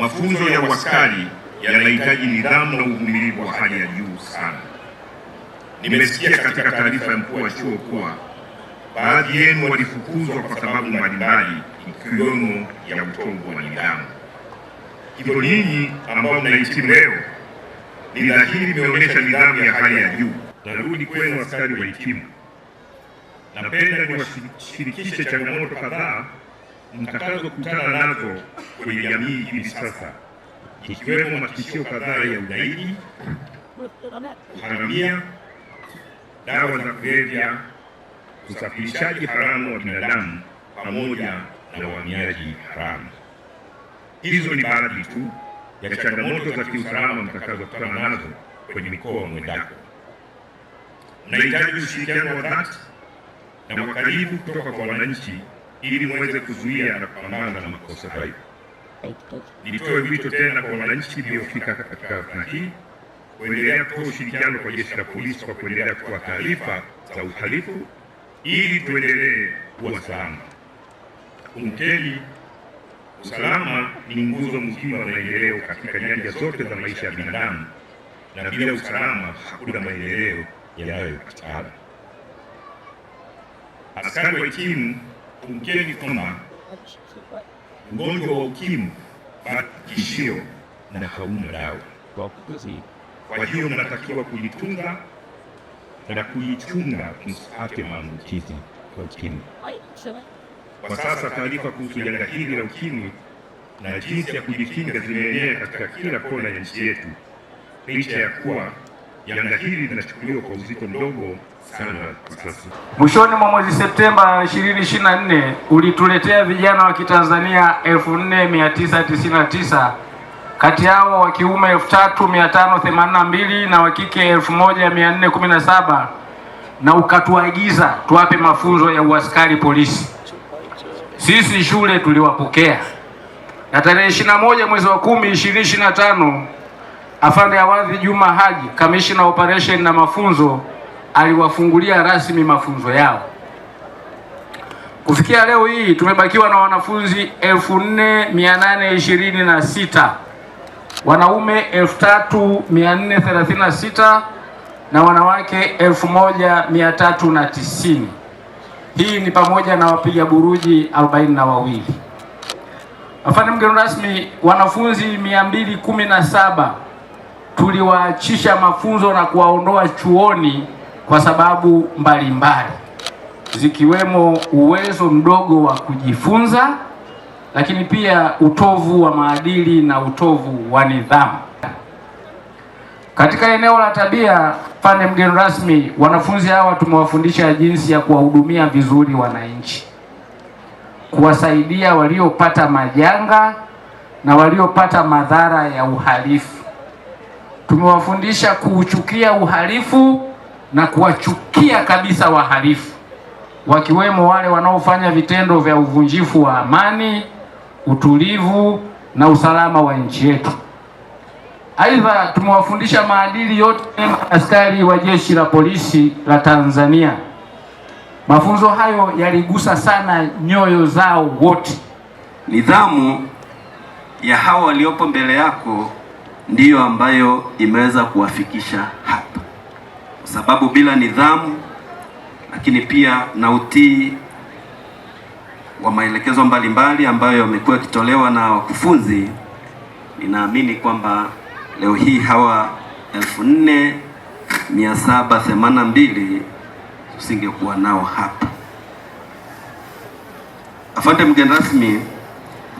mafunzo ya uaskari yanahitaji nidhamu na uvumilivu wa hali ya juu sana. Nimesikia katika taarifa ya mkuu wa chuo kuwa baadhi yenu walifukuzwa kwa sababu mbalimbali, ikiwemo ya utovu wa nidhamu. Hivyo ninyi ambao mnahitimu leo, ni dhahiri mmeonyesha nidhamu ya hali ya juu. Narudi kwenu askari wahitimu, napenda niwashirikishe changamoto kadhaa mtakazokutana nazo kwenye jamii hivi sasa, ikiwemo matishio kadhaa ya ugaidi, uharamia, dawa za kulevya, usafirishaji haramu wa binadamu pamoja na uhamiaji haramu. Hizo ni baadhi tu ya changamoto za kiusalama mtakazokutana nazo kwenye mikoa mwendako. Mnahitaji ushirikiano wa dhati na wakaribu kutoka kwa wananchi ili muweze kuzuia na kupambana na makosa hayo. Nitoe wito tena kwa wananchi iliyofika katika hafla hii kuendelea kutoa ushirikiano kwa jeshi la polisi kwa kuendelea kutoa taarifa za uhalifu ili tuendelee kuwa salama. Kumkeni, usalama ni nguzo muhimu ya maendeleo katika nyanja zote za maisha ya binadamu, na bila usalama hakuna maendeleo yanayopatikana. Askari timu Tumkeni kama mgonjwa wa ukimwi kishio na hauna dawa. Kwa hiyo mnatakiwa kujitunga na kujichunga msipate maambukizi ya ukimwi. Kwa sasa taarifa kuhusu janga hili la ukimwi na jinsi ya kujikinga zimeenea katika kila kona ya nchi yetu, licha ya kuwa janga hili linachukuliwa kwa uzito mdogo. Mwishoni mwa mwezi Septemba 2024 ulituletea vijana wa Kitanzania 4999 kati yao wa kiume 3582 na wa kike 1417 na ukatuagiza tuwape mafunzo ya uaskari polisi. Sisi shule tuliwapokea, na tarehe 21 mwezi wa 10 2025, afande Awadhi Juma Haji, kamishina operation na mafunzo aliwafungulia rasmi mafunzo yao. Kufikia leo hii tumebakiwa na wanafunzi 4826 wanaume 3436 na wanawake 1390. Hii ni pamoja na wapiga buruji 42. Afande mgeni rasmi, wanafunzi 217 tuliwaachisha mafunzo na kuwaondoa chuoni kwa sababu mbalimbali zikiwemo uwezo mdogo wa kujifunza, lakini pia utovu wa maadili na utovu wa nidhamu. Katika eneo la tabia, pande mgeni rasmi, wanafunzi hawa tumewafundisha jinsi ya kuwahudumia vizuri wananchi, kuwasaidia waliopata majanga na waliopata madhara ya uhalifu. Tumewafundisha kuuchukia uhalifu na kuwachukia kabisa wahalifu, wakiwemo wale wanaofanya vitendo vya uvunjifu wa amani, utulivu na usalama wa nchi yetu. Aidha, tumewafundisha maadili yote askari wa Jeshi la Polisi la Tanzania. Mafunzo hayo yaligusa sana nyoyo zao wote. Nidhamu ya hawa waliopo mbele yako ndiyo ambayo imeweza kuwafikisha hapa sababu bila nidhamu, lakini pia na utii wa maelekezo mbalimbali ambayo yamekuwa yakitolewa na wakufunzi, ninaamini kwamba leo hii hawa 4782 usingekuwa nao hapa. Afande mgeni rasmi,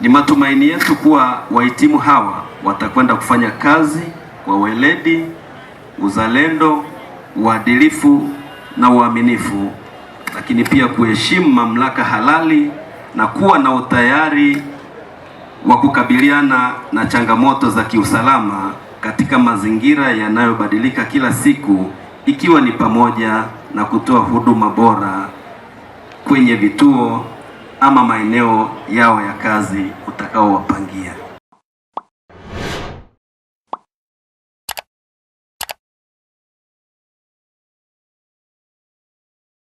ni matumaini yetu kuwa wahitimu hawa watakwenda kufanya kazi kwa weledi, uzalendo uadilifu na uaminifu, lakini pia kuheshimu mamlaka halali na kuwa na utayari wa kukabiliana na changamoto za kiusalama katika mazingira yanayobadilika kila siku, ikiwa ni pamoja na kutoa huduma bora kwenye vituo ama maeneo yao ya kazi utakaowapangia.